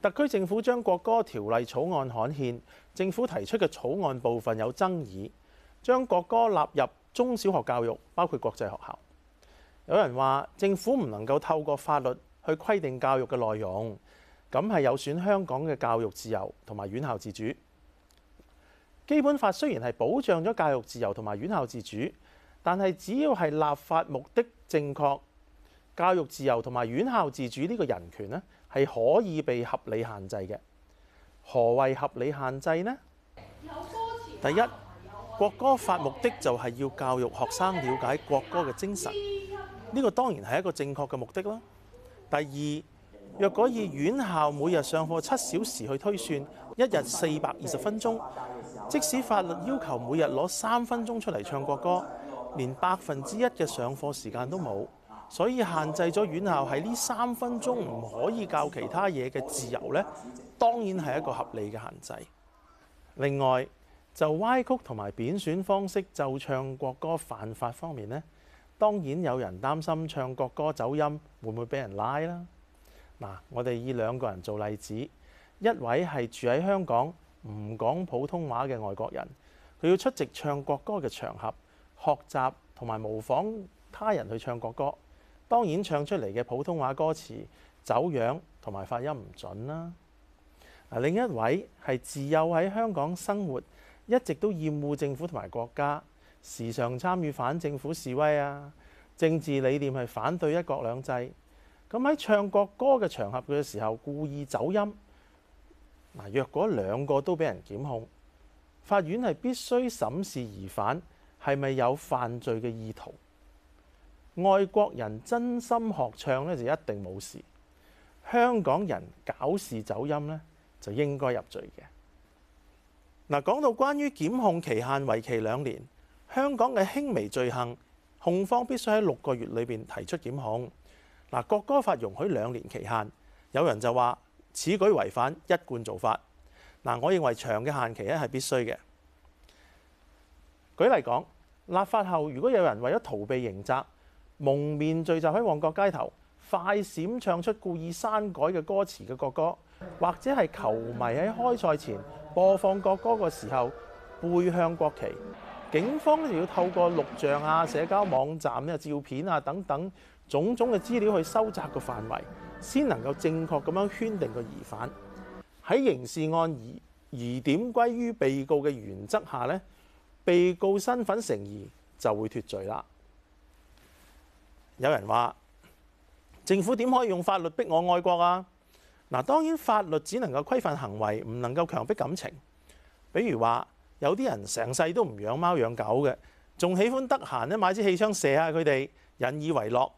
特區政府將國歌條例草案刊憲，政府提出嘅草案部分有爭議，將國歌納入中小學教育，包括國際學校。有人話政府唔能夠透過法律去規定教育嘅內容，咁係有損香港嘅教育自由同埋院校自主。基本法雖然係保障咗教育自由同埋院校自主，但係只要係立法目的正確，教育自由同埋院校自主呢個人權呢係可以被合理限制嘅。何為合理限制呢？第一，國歌法目的就係要教育學生了解國歌嘅精神，呢個當然係一個正確嘅目的啦。第二，若果以院校每日上課七小時去推算，一日四百二十分鐘，即使法律要求每日攞三分鐘出嚟唱國歌，連百分之一嘅上課時間都冇。所以限制咗院校喺呢三分鐘唔可以教其他嘢嘅自由咧，當然係一個合理嘅限制。另外就歪曲同埋貶損方式就唱國歌犯法方面咧，當然有人擔心唱國歌走音會唔會俾人拉啦？嗱，我哋以兩個人做例子，一位係住喺香港唔講普通話嘅外國人，佢要出席唱國歌嘅場合，學習同埋模仿他人去唱國歌。當然唱出嚟嘅普通話歌詞走樣同埋發音唔準啦。啊，另一位係自幼喺香港生活，一直都厭惡政府同埋國家，時常參與反政府示威啊。政治理念係反對一國兩制。咁喺唱國歌嘅場合嘅時候故意走音。若果兩個都畀人檢控，法院係必須審視疑犯係咪有犯罪嘅意圖。外國人真心學唱咧，就一定冇事；香港人搞事走音咧，就應該入罪嘅。嗱，講到關於檢控期限，為期兩年。香港嘅輕微罪行，控方必須喺六個月裏邊提出檢控。嗱，國歌法容許兩年期限，有人就話此舉違反一貫做法。嗱，我認為長嘅限期咧係必須嘅。舉例講，立法後如果有人為咗逃避刑責，蒙面聚集喺旺角街頭，快閃唱出故意刪改嘅歌詞嘅國歌，或者係球迷喺開賽前播放國歌嘅時候背向國旗，警方就要透過錄像啊、社交網站啊、照片啊等等種種嘅資料去收集個範圍，先能夠正確咁樣圈定個疑犯。喺刑事案疑疑點歸於被告嘅原則下呢，被告身份成疑就會脫罪啦。有人話：政府點可以用法律逼我愛國啊？嗱，當然法律只能夠規範行為，唔能夠強迫感情。比如話，有啲人成世都唔養貓養狗嘅，仲喜歡得閒咧買支氣槍射下佢哋，引以為樂。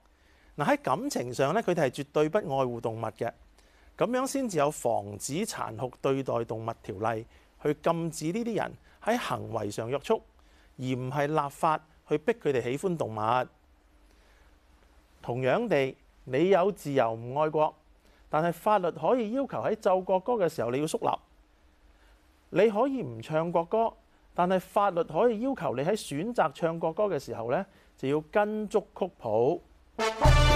嗱，喺感情上咧，佢哋係絕對不愛護動物嘅。咁樣先至有防止殘酷對待動物條例，去禁止呢啲人喺行為上約束，而唔係立法去逼佢哋喜歡動物。同樣地，你有自由唔愛國，但係法律可以要求喺奏國歌嘅時候你要肅立。你可以唔唱國歌，但係法律可以要求你喺選擇唱國歌嘅時候呢，就要跟足曲譜。